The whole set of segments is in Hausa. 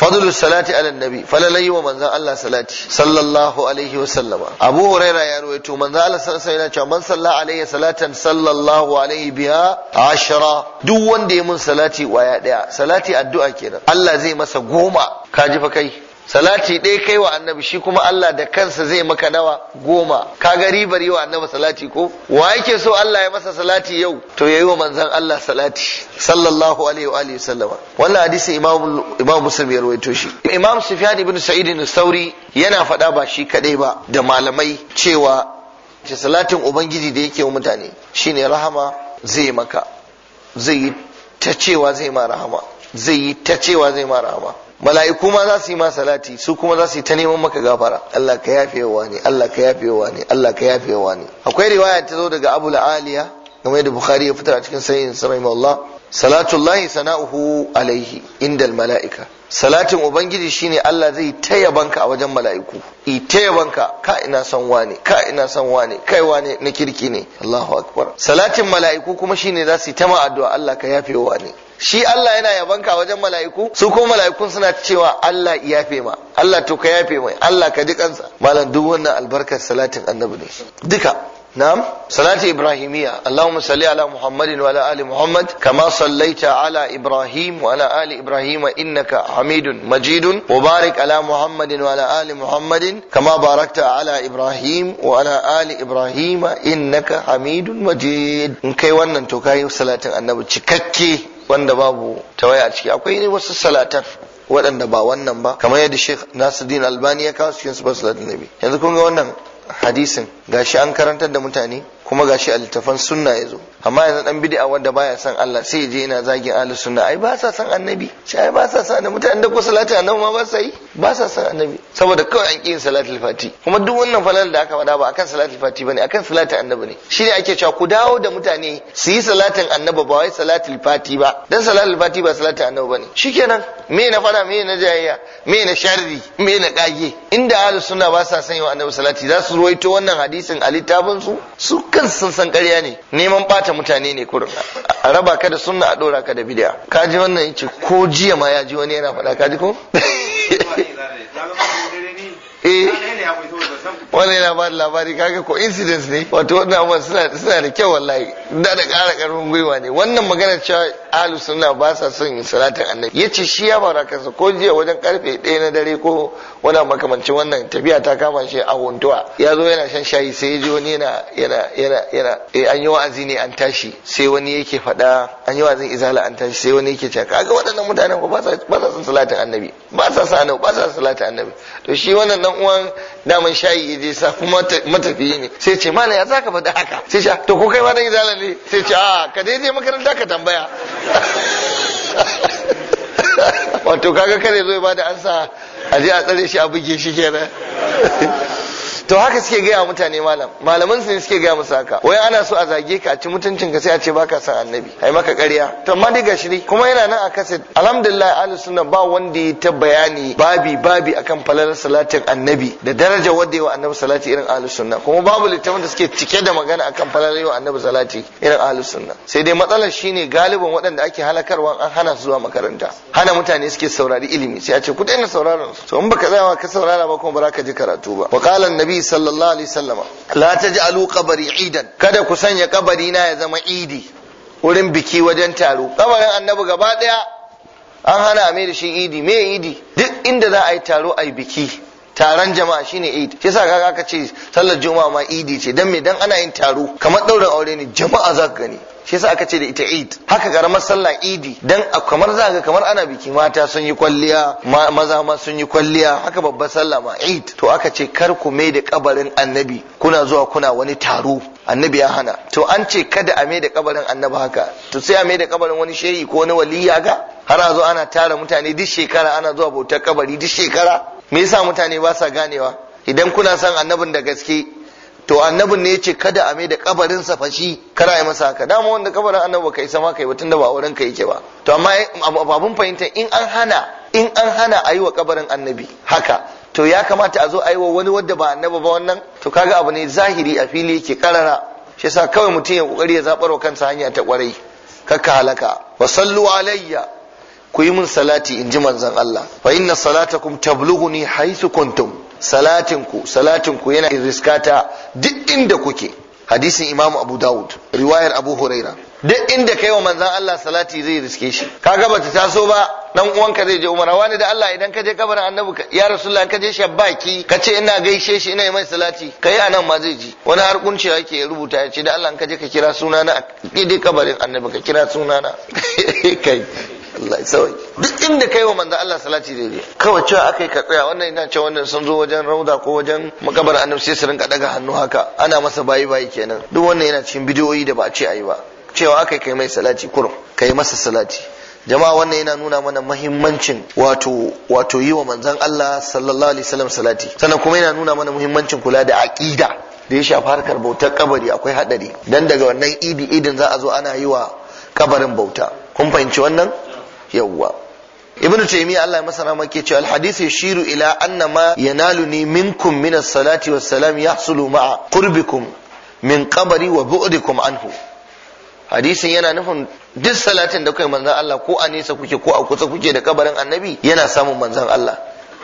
fadlu salati ala nabi falalai wa manzan Allah salati sallallahu alaihi wa sallama abu huraira ya ruwaito manzan Allah sallallahu alaihi cewa man salla alaihi salatan sallallahu alaihi biha ashara duk wanda ya mun salati waya ɗaya. salati addu'a kenan Allah zai masa goma ka ji fa kai salati ɗaya kai wa annabi shi kuma Allah da kansa zai maka nawa goma Ka ga ribar yi wa annabi salati ko wa yake so Allah ya masa salati yau to yayi wa manzon Allah salati sallallahu alaihi wa alihi sallama wannan hadisi imam imam muslim ya rawaito shi imam sufyan ibn sa'id ibn sauri yana faɗa ba shi kadai ba da malamai cewa ce salatin ubangiji da yake wa mutane shine rahama zai maka zai ta cewa zai ma rahama zai ta cewa zai ma rahama mala'iku ma za su yi ma salati su kuma za su yi ta neman maka gafara Allah ka yafe wa ne Allah ka yafe wa ne Allah ka yafe wa ne akwai riwaya ta zo daga Abu Aliya game da Bukhari ya fitar a cikin sahihin sa Allah salatullahi sana'uhu alaihi indal mala'ika salatin ubangiji shine Allah zai taya banka a wajen mala'iku i taya banka ka ina san wane ka ina san wane kai wane na kirki ne Allahu akbar salatin mala'iku kuma shine za su yi ta addu'a Allah ka yafe wane shi Allah yana yabanka a wajen mala'iku su kuma mala'ikun suna cewa Allah yafe ma Allah to ka yafe mai Allah ka ji kansa malam duk wannan albarkar salatin annabi ne duka نعم صلاة إبراهيمية اللهم صل على محمد وعلى آل محمد كما صليت على إبراهيم وعلى آل إبراهيم إنك حميد مجيد وبارك على محمد وعلى آل محمد كما باركت على إبراهيم وعلى آل إبراهيم إنك حميد مجيد إن كي ونن تكاي صلاة النبي تككي wanda babu tawaya a ciki akwai ne wasu salatar waɗanda ba wannan ba kamar yadda Sheikh Nasiruddin Albani ya kawo cikin su ba salatin Nabi yanzu kun ga wannan hadisin ga shi an karantar da mutane kuma gashi a littafan sunna ya zo amma yanzu dan bid'a wanda baya son Allah sai ya je yana zagin ahlus sunna ai ba sa son annabi sai ba sa sa da mutane da ko salati annabi ma ba sa yi ba sa san annabi saboda kawai an kiyin salati fati kuma duk wannan falalar da aka faɗa ba akan salati fati bane akan salatin annabi ne shine ake cewa ku dawo da mutane su yi salatin annabi ba wai salati fati ba dan salati fati ba salatin annabi bane shikenan me na fara me na jayayya me na sharri me na kage inda ahlus sunna ba sa san yi annabi salati za su ruwaito wannan hadisin a littafin su su kan sun san ƙarya ne neman bata mutane ne kurin raba ka da sunna a dora ka da bid'a kaji wannan yace ko jiya ma ya ji wani yana faɗa kaji ko Eh. wani yana ba labari kaga ko incidents ne wato wannan abubuwan suna da kyau wallahi da da ƙara ƙarfin gwiwa ne wannan magana cewa ahlus sunna ba sa son salatin annabi yace shi ya bara kansa ko jiya wajen karfe 1 na dare ko wani makamancin wannan tafiya ta kama shi a wuntuwa ya zo yana shan shayi sai ya ji wani yana yana yana yana E, an yi wa'azi ne an tashi sai wani yake faɗa an yi wa'azin izala an tashi sai wani yake cewa kaga waɗannan mutanen ko ba sa son salatin annabi ba sa sa annabi ba sa salatin annabi to shi wannan dan uwan daman shayi ya je sa kuma matafiyi ne sai ce mana ya zaka faɗa haka sai ce to ko kai ma dan izala ne sai ce a ka daidai makaranta ka tambaya wato kaga kare zo ba da ansa a a tsare shi a buge shi kenan to haka suke gaya mutane malam malaman su ne suke gaya musu haka wai ana so a zage ka a ci mutuncin ka sai a ce baka san annabi ai maka ƙarya to amma dai gashi ne kuma yana nan a kasid alhamdulillah ahlus sunna ba wanda ya ta bayani babi babi akan falal salatin annabi da daraja wanda yawa annabi salati irin ahlus sunna kuma babu littafin da suke cike da magana akan falal yawa annabi salati irin ahlus sunna sai dai matsalar shine galibin waɗanda ake halakarwa an hana su zuwa makaranta hana mutane suke saurari ilimi sai a ce ku daina sauraron su to in baka tsaya ka saurara ba kuma ba za ka ji karatu ba wa qala annabi annabi sallallahu alaihi wasallama la taj'alu qabri idan kada ku sanya kabari na ya zama idi wurin biki wajen taro kabarin annabi gaba daya an hana mai da shi idi me idi duk inda za a yi taro a biki taron jama'a shine Eid shi yasa kaga ka ce sallar juma'a ma idi ce dan me dan ana yin taro kamar daurin aure ne jama'a za ka gani shi yasa aka ce da ita Eid haka karamar sallah Eid. dan kamar za ga kamar ana biki mata sun yi kwalliya maza ma sun yi kwalliya haka babbar sallah ma Eid to aka ce kar ku mai da kabarin Annabi kuna zuwa kuna wani taro annabi ya hana to an ce kada a mai da kabarin annabi haka to sai a mai da kabarin wani shehi ko wani waliya ga har a zo ana tara mutane duk shekara ana zuwa bautar kabari duk shekara me yasa mutane ba sa ganewa idan kuna son annabin da gaske to annabin ne yace kada a mai da kabarin sa fashi kada yi masa haka dama wanda kabarin annabi kai sama kai tun da ba wurin ka yake ba to amma abun fahimta in an hana in an hana yi wa kabarin annabi haka to ya kamata a zo a yi wa wani wanda ba annabi ba wannan to kaga abu ne zahiri a fili yake karara shi yasa kawai mutum ya kokari ya zabar wa kansa hanya ta kwarai kakka halaka wa sallu alayya ku yi min salati in ji manzon Allah fa inna salatakum tablughuni haythu kuntum Salatin ku, salatin ku yana riskata duk inda kuke hadisin imam abu dawud riwayar abu huraira duk inda kai wa manzan Allah salati zai riske shi kaga bata taso ba dan uwanka zai je umara wani da Allah idan ka je kabarin annabi ya rasulullah ka je shabbaki ka ce ina gaishe shi ina mai salati kai anan ma zai ji wani har kunci yake rubuta ya ce da Allah ka je ka kira sunana a kabarin annabi ka kira sunana kai Allah ya duk inda kai wa manzo Allah salati daidai kawai cewa akai ka tsaya wannan ina cewa wannan sun zo wajen rauda ko wajen makabar annabi sai su rinka daga hannu haka ana masa bayi bayi kenan duk wannan yana cikin bidiyoyi da ba a ce ayi ba cewa akai kai mai salati kurum kai masa salati jama'a wannan yana nuna mana muhimmancin wato wato yi wa manzon Allah sallallahu alaihi wasallam salati sannan kuma yana nuna mana muhimmancin kula da aqida da ya shafi harkar bautar kabari akwai hadari dan daga wannan idi idin za a zo ana yi wa kabarin bauta kun fahimci wannan yawwa ibnu taymiya Allah ya masa rahama ke cewa alhadith yashiru ila anna ma yanaluni minkum min as-salati was-salam yahsulu ma'a qurbikum min qabri wa bu'dikum anhu hadisin yana nufin duk salatin da kai manzon Allah ko a nesa kuke ko a kusa kuke da kabarin annabi yana samun manzon Allah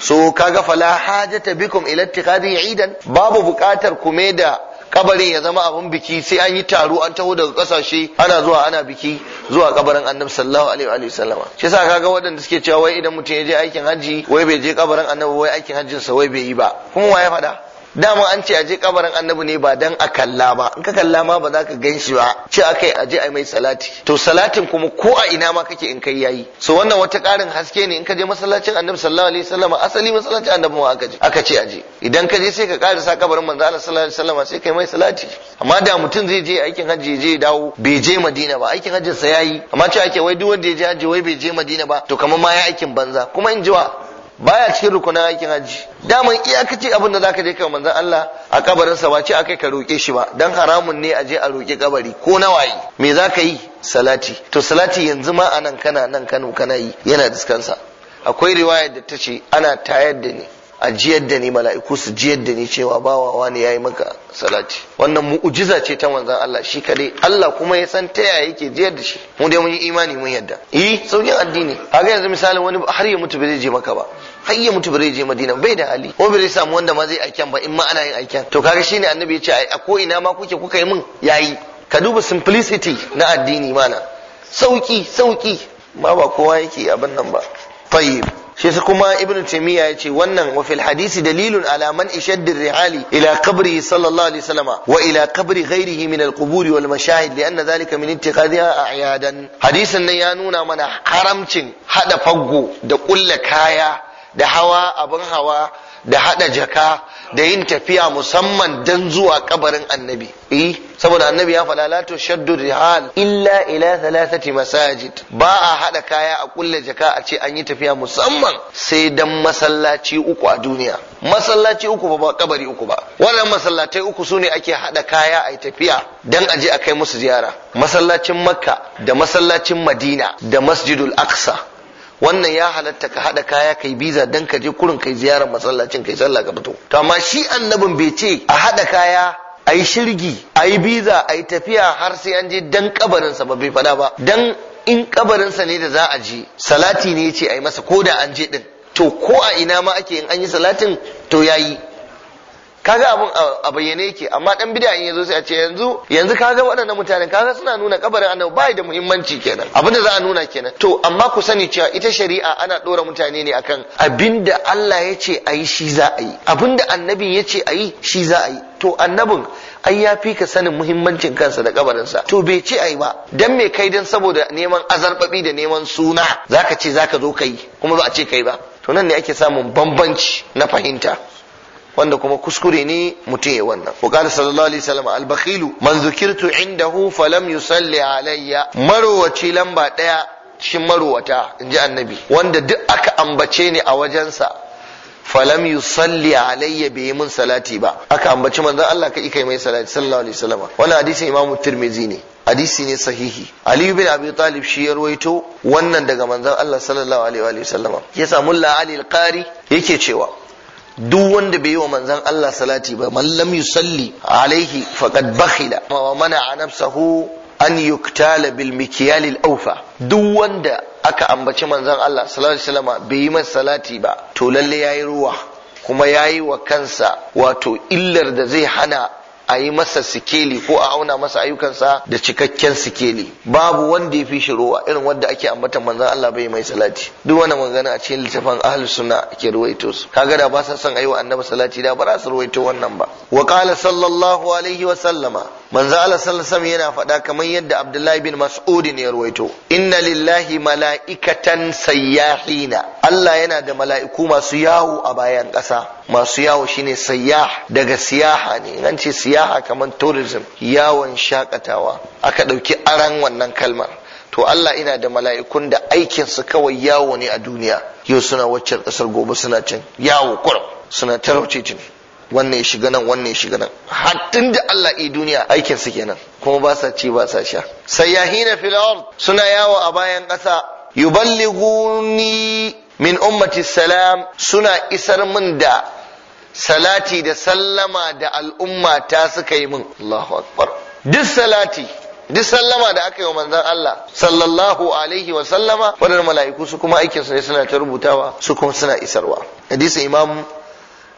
so kaga fala hajata bikum ila ittikhadi idan babu bukatar kume da kabarin ya zama abin biki sai an yi taro an taho daga kasashe ana zuwa ana biki zuwa kabarin annabi sallallahu alaihi wa sallama shi yasa kaga waɗanda suke cewa wai idan mutum ya je aikin hajji, wai bai je kabarin annabi wai aikin hajjin sa wai bai yi ba kuma wa ya faɗa dama an ce aje kabarin annabi ne ba dan a kalla ba in ka kalla ma ba za ka gan ba ce akai aje ai mai salati to salatin kuma ko a ina ma kake in kai yayi so wannan wata karin haske ne in ka je masallacin annabi sallallahu alaihi wasallam asali masallacin annabi ma aka je aka ce aje idan ka je sai ka sa kabarin manzo Allah sallallahu alaihi wasallam sai kai mai salati amma da mutum zai je aikin hajji je ya dawo bai je Madina ba aikin hajjin sa yayi amma ce ake wai duk wanda ya je hajji wai bai je Madina ba to kamar ma ya aikin banza kuma in jiwa baya cikin rukunin aikin hajji daman iyakaci abin da zaka je ka manzon Allah a kabarin sa wace akai ka roke shi ba dan haramun ne a je a roki kabari ko na waye? me zaka yi salati to salati yanzu ma anan kana nan Kano kana yi yana diskansa akwai riwaya da ta ce ana tayar da ni a jiyar da ni mala'iku su jiyar da ni cewa ba wa wani yayi maka salati wannan mu'ujiza ce ta manzon Allah shi kadai Allah kuma ya san ta yaya yake jiyar da shi mu dai mun yi imani mun yadda eh saukin addini kaga yanzu misalin wani har ya mutu bai je maka ba har ya mutu bare je Madina bai da hali ko bare samu wanda ma zai aiken ba in ma ana yin aiken to kaga shine annabi ya ce a ko ina ma kuke kuka yi min yayi ka duba simplicity na addini mana sauki sauki ma ba kowa yake abin nan ba tayyib shi su kuma ibnu taymiya ya ce wannan wa fil hadisi dalilun ala man ishaddi rihali ila qabri sallallahu alaihi wasallama wa ila qabri ghairihi min al quburi wal mashahid li anna dhalika min ittikhadiha a'yadan hadisin nan ya nuna mana haramcin hada faggo da kulla kaya da hawa abin hawa da hada jaka da yin tafiya musamman dan zuwa kabarin annabi eh saboda annabi ya faɗa la tushaddu rihal illa ila thalathati masajid ba a hada kaya a kulle jaka a ce an yi tafiya musamman sai dan masallaci uku a duniya masallaci uku ba kabari uku ba wannan masallatai uku sune ake hada kaya a tafiya dan a je a kai musu ziyara masallacin makka da masallacin madina da masjidul aqsa wannan ya halatta ka haɗa kaya kai biza dan ka je kurin kai ziyarar masallacin kai sallah ka fito to amma shi annabin bai ce a haɗa kaya ayi shirgi ayi biza ayi tafiya har sai an je dan kabarin sa ba bai fada ba dan in kabarin ne da za a je salati ne a yi masa ko da an je din to ko a ina ma ake in an yi salatin to yayi kaga abun a bayyane yake amma dan bid'a in yazo sai a ce yanzu yanzu kaga waɗannan mutane kaga suna nuna kabarin annabi bai da muhimmanci kenan abin da za a nuna kenan to amma ku sani cewa ita shari'a ana dora mutane ne akan abinda Allah ya ce ayi shi za a yi abinda annabin ya ce ayi shi za a yi to annabin ai ya fi ka sanin muhimmancin kansa da kabarinsa to bai ce ayi ba dan me kai dan saboda neman azarbabi da neman suna zaka ce zaka zo kai kuma ba a ce kai ba to nan ne ake samun bambanci na fahimta wanda kuma kuskure ne mutum ya wannan wa qala sallallahu alaihi wasallam al bakhilu man zukirtu indahu falam yusalli alayya marowaci lamba daya shin marowata inji annabi wanda duk aka ambace ni a wajensa falam yusalli alayya bai mun salati ba aka ambaci manzon Allah kai kai mai salati sallallahu alaihi wasallam wannan hadisin imamu tirmizi ne hadisi ne sahihi Aliyu bin Abi Talib shi ya ruwaito wannan daga manzon Allah sallallahu alaihi wa sallam yasa mulla Ali al-Qari yake cewa duk wanda bai yi wa manzon Allah salati ba man lam yusalli alaihi faqad bakhila wa mana'a nafsahu an yuktala bil mikyal al awfa duk wanda aka ambaci manzon Allah sallallahu alaihi bai yi masa salati ba to lalle yayi ruwa kuma yayi wa kansa wato illar da zai hana a yi masa sikeli ko a auna masa ayyukansa da cikakken sikeli babu wanda ya fi shi rowa irin wanda ake ambatan manzan Allah bai mai salati duk wani magana a cikin littafin ahlus sunna ke ruwaito su kaga da ba sa son ayi annabi salati da ba za su ruwaito wannan ba wa qala sallallahu alaihi wa sallama manzo Allah sallallahu alaihi yana faɗa kamar yadda Abdullahi bin Mas'ud ne ya ruwaito inna lillahi mala'ikatan sayyahina Allah yana da mala'iku masu yawo a bayan ƙasa masu yawo shine sayyah daga siyaha ne an ce siyaha kamar tourism yawon shakatawa aka ɗauki aran wannan kalmar to Allah ina da mala'ikun da aikinsu kawai yawo ne a duniya yau suna waccan ƙasar gobe suna cin yawo kurum suna tarauce cin wannan ya shiga nan wannan ya shiga nan hattun da Allah i duniya aikin su kenan kuma ba sa ci ba sa sha sayyahina fil ard suna yawo a bayan ƙasa yuballighuni min ummati salam suna isar min da salati da sallama da al'umma ta suka yi min Allahu akbar duk salati duk sallama da aka yi wa manzon Allah sallallahu alaihi wa sallama wadannan mala'iku su kuma aikin su ne suna ta rubutawa su kuma suna isarwa hadisin imam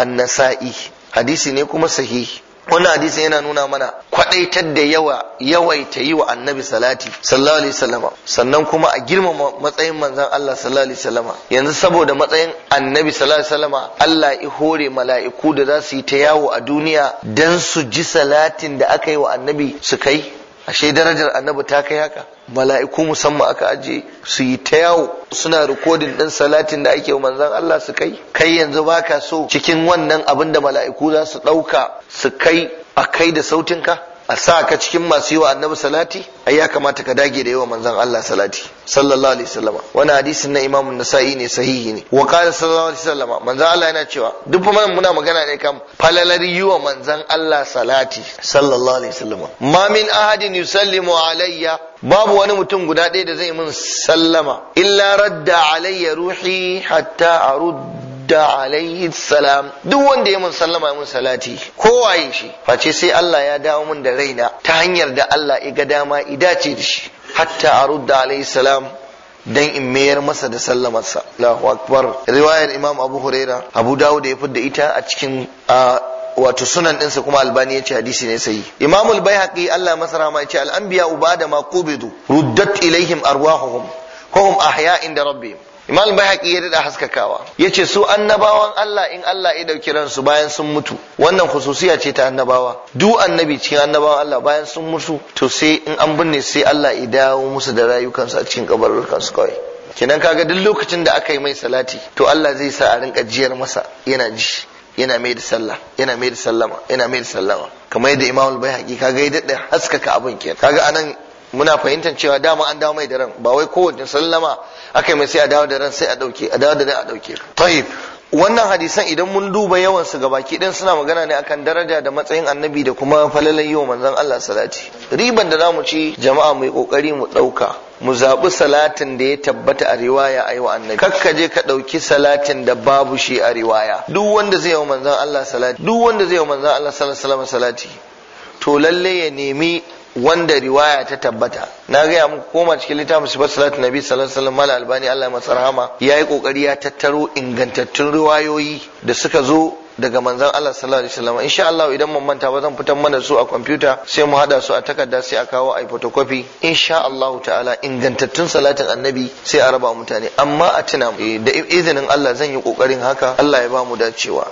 annasa'i hadisi ne kuma sahihi wannan hadisi yana nuna mana kwadaitar da yawa yawaita yi wa annabi salati sallallahu alaihi wasallama sannan kuma a girmama matsayin manzon Allah sallallahu alaihi wasallama yanzu saboda matsayin annabi sallallahu alaihi wasallama Allah ya hore mala'iku da za su yi ta yawo a duniya dan su ji salatin da aka yi wa annabi su kai ashe darajar annabi ta kai haka mala'iku musamman aka aje su yi ta yawo suna rikodin ɗin salatin da ake manzon Allah su kai kai yanzu baka so cikin wannan abin da mala'iku za su ɗauka su kai a kai da sautinka a sa ka cikin masu yiwa wa annabi salati ai ya kamata ka dage da yawa manzon Allah salati sallallahu alaihi wasallam wannan hadisin na imamu Nasa'i ne sahihi ne wa qala sallallahu alaihi wasallam manzon Allah yana cewa duk fa muna magana ne kan falalar yi wa manzon Allah salati sallallahu alaihi wasallam ma min ahadin yusallimu alayya babu wani mutum guda ɗaya da zai min sallama illa radda alayya ruhi hatta arud da alaihi salam duk wanda ya mun sallama mun salati ko waye shi face sai Allah ya dawo mun da raina ta hanyar da Allah ya ga dama i dace da shi hatta arudda alaihi salam dan in mayar masa da sa Allahu akbar riwayar Imam Abu Huraira Abu Dawud ya fidda ita a cikin wato sunan ɗinsa kuma albani ya ce hadisi ne sai imam al-baihaqi Allah masara ma ya ce al-anbiya ubada ma qubidu ruddat ilaihim arwahuhum kuhum hum ahya inda rabbihim imam bayhaqi ya dada haskakawa yace su annabawan Allah in Allah ya dauki ransu bayan sun mutu wannan khususiya ce ta annabawa duk annabi cikin annabawan Allah bayan sun mutu to sai in an binne sai Allah ya dawo musu da rayukansu a cikin kabarurkansu kawai Kinan kaga duk lokacin da aka yi mai salati to Allah zai sa a rinka jiyar masa yana ji yana mai da sallah yana mai da sallama yana mai da sallama kamar yadda imamul bayhaqi kaga ya dada haskaka abin kenan kaga anan muna fahimtar cewa dama an dawo mai da ran ba wai kowace sallama aka mai sai a dawo da ran sai a dauke a dawo da ran a dauke tayyib wannan hadisan idan mun duba yawan su gabaki din suna magana ne akan daraja da matsayin annabi da kuma falalan yau manzon Allah salati riban da zamu ci jama'a mu yi kokari mu dauka mu zabi salatin da ya tabbata a riwaya ayi wa annabi kakka je ka dauki salatin da babu shi a riwaya duk wanda zai yi manzon Allah salati duk wanda zai yi manzon Allah sallallahu alaihi wasallam salati to lalle ya nemi wanda riwaya ta tabbata na gaya muku koma cikin littafin su salatu nabi sallallahu alaihi wasallam albani Allah ya masa rahama yayi kokari ya tattaro ingantattun riwayoyi da suka zo daga manzon Allah sallallahu alaihi wasallam insha Allah idan mun manta ba zan fitar mana su a kwamfuta sai mu hada su a takarda sai a kawo ai photocopy insha Allah ta'ala ingantattun salatin annabi sai a raba mutane amma a tuna eh, da izinin Allah zan yi kokarin haka Allah ya ba mu dacewa